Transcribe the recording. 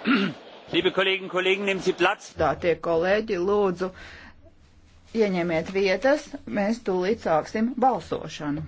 Liebe Kolleginnen und Kollegen, nehmen Sie Platz. Tā tie kolēģi, lūdzu, ieņemiet vietas, mēs tūlīt sāksim balsošanu.